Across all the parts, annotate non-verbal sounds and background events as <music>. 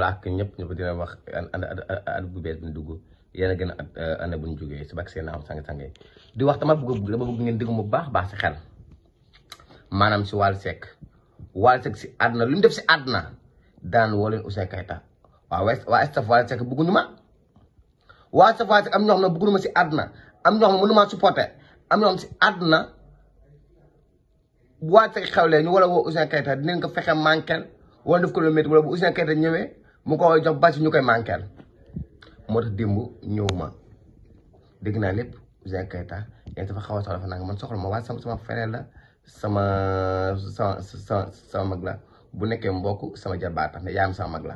flaak ñëpp ñu ko dina wax ana ana bu bees bi a a euh, ana bu ñu jógee si bak seen am sang-sang yi di wax dama bëgg dama bëgg ngeen dégg mu ba baax si maanaam si wal Seck Wally Seck si àdduna lu ñu def si àdduna daan woo leen Ouzin Keita waaw waa staff Wally Seck bëgguñu ma waa staff Wally Seck am ñoo xam ne bëgguñu ma si àdduna am ñoo xam ne mënu ma supporter am si àdduna Wally Seck mu ko jox bàcc ñu koy manqueel moo tax démb ñëw ma dégg naa lépp Ouzin Keita yéen xaw a soxla fa man soxla ma waaye sama sama frère la sama sama sama sama mag la bu nekkee mbokk sama jarbaat tax ne yaayam sama mag la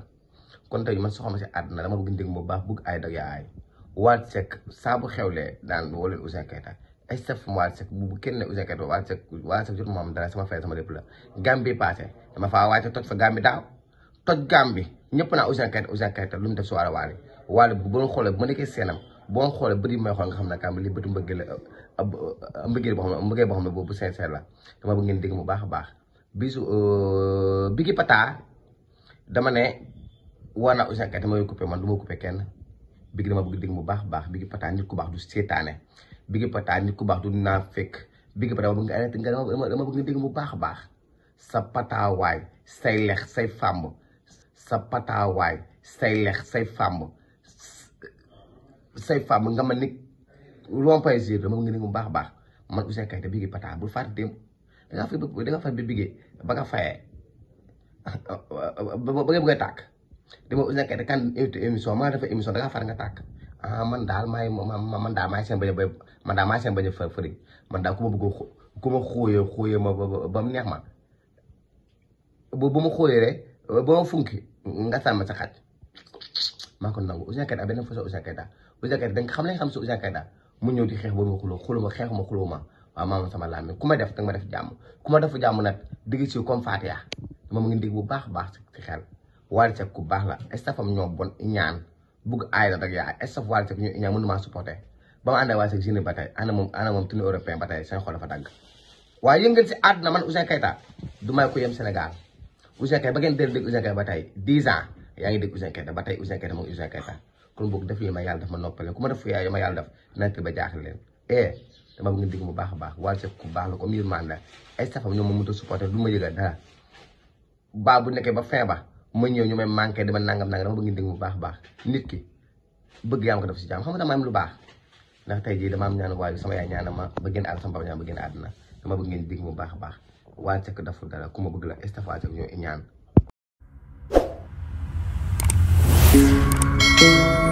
kon tey man soxla ma si àdduna dama bëgg dégg bu baax bëgg ay dag yaay Wally Seck saa xew le daan woole leen Ouzin Keita ay saf mu Wally Seck bu kenn ne Ouzin Keita Wally Seck jot moom dara sama frère sama lépp la Gambie passé dama faa wàcce toj fa Gambie daaw toj Gambie ñëpp naa Ouzin Keita Ouzin Keita lu mu def si wàllu waale waale bu doon xoolee bu ma nekkee seenam boo xoolee bëri may xool nga xam ne kaam li bëtu mbëggeel la mbëggeel boo xam ne boo xam ne la dama bëgg ngeen dégg mu baax a baax bisu euh, Biggi Pata dama ne war naa Ouzin Keita may coupé man du ma coupé kenn Biggi dama bëgg baax a baax Biggi Pata nit ku baax du seetaane Biggi Pata nit ku baax du naa fekk Biggi Pata dama bëgg nga dama bëgg nga dégg mu baax a baax sa pataawaay say lex say fàmb sa pataawaay say lex say fàmm say fàmm nga ma ni rompay jur dama ngi ni mu baax baax man Ouzin Keita bigi pataa bul fàtte démb da nga fay da nga fay ba bigee ba nga fayee <laughs> ba nga bëggee tàkk dama Ouzin Keita kan invité émission maa dafa émission da nga far nga tàkk ah man daal maay man seen bañ a ma bëgg ku ma xóoyee xóoyee ma ba mu neex ma bu bu ma xóoyee rek ba ma nga sàmm sa xaj maa ko nangu Ouzin Keita beneen façon Ouzin Keita Ouzin Keita dañ xam lañ xam si Ouzin Keita mu ñëw di xeex ba ma xuloo xuluma xeexuma xuluma waaw maama sama laam ku ma def danga ma def jàmm ku ma defu jàmm nag digg si comme Fatia moom ngi dig bu baax baax si xel Wally Seck ku baax la estafam ñoo bon ñaan bugg aay la rek yaa estaf Wally Seck ñu ñaan mënuma supporter ba ma ànd ak Wally Seck jeuné ba tey ànd moom ànd moom tunu européen ba tey seen xol dafa dagg waaye yëngal si àdduna man Ouzin Keita ba ngeen deel dégg Ouzin ba tey dix ans yaa ngi dégg Ouzin Keita ba tey Ouzin Keita mooy Ouzin Keita kon boog def li ma yàlla def ma noppale ku ma def yaay ma yàlla def nank ba jaaxle leen eh dama bëgg di dégg mu baax a baax Wally Seck baax la comme yërmande ay safam ñoom ma mënta supporter du ma yëgal dara baa bu nekkee ba fin ba ñëw ñu may manqué dama nangam nangam dama bëgg ngeen dégg baax a baax nit ki bëgg yaa ma ko def si jàmm xam nga lu baax ndax tey jii dama am ñaan waayu sama yaay ñaana ma ba gën àll sama baba ñaan ba gën àdduna dama bëgg ngeen dégg mu baax a baax Wally Seck deful dara ku ma bëgg la Moustapha Diop ñoo ñaan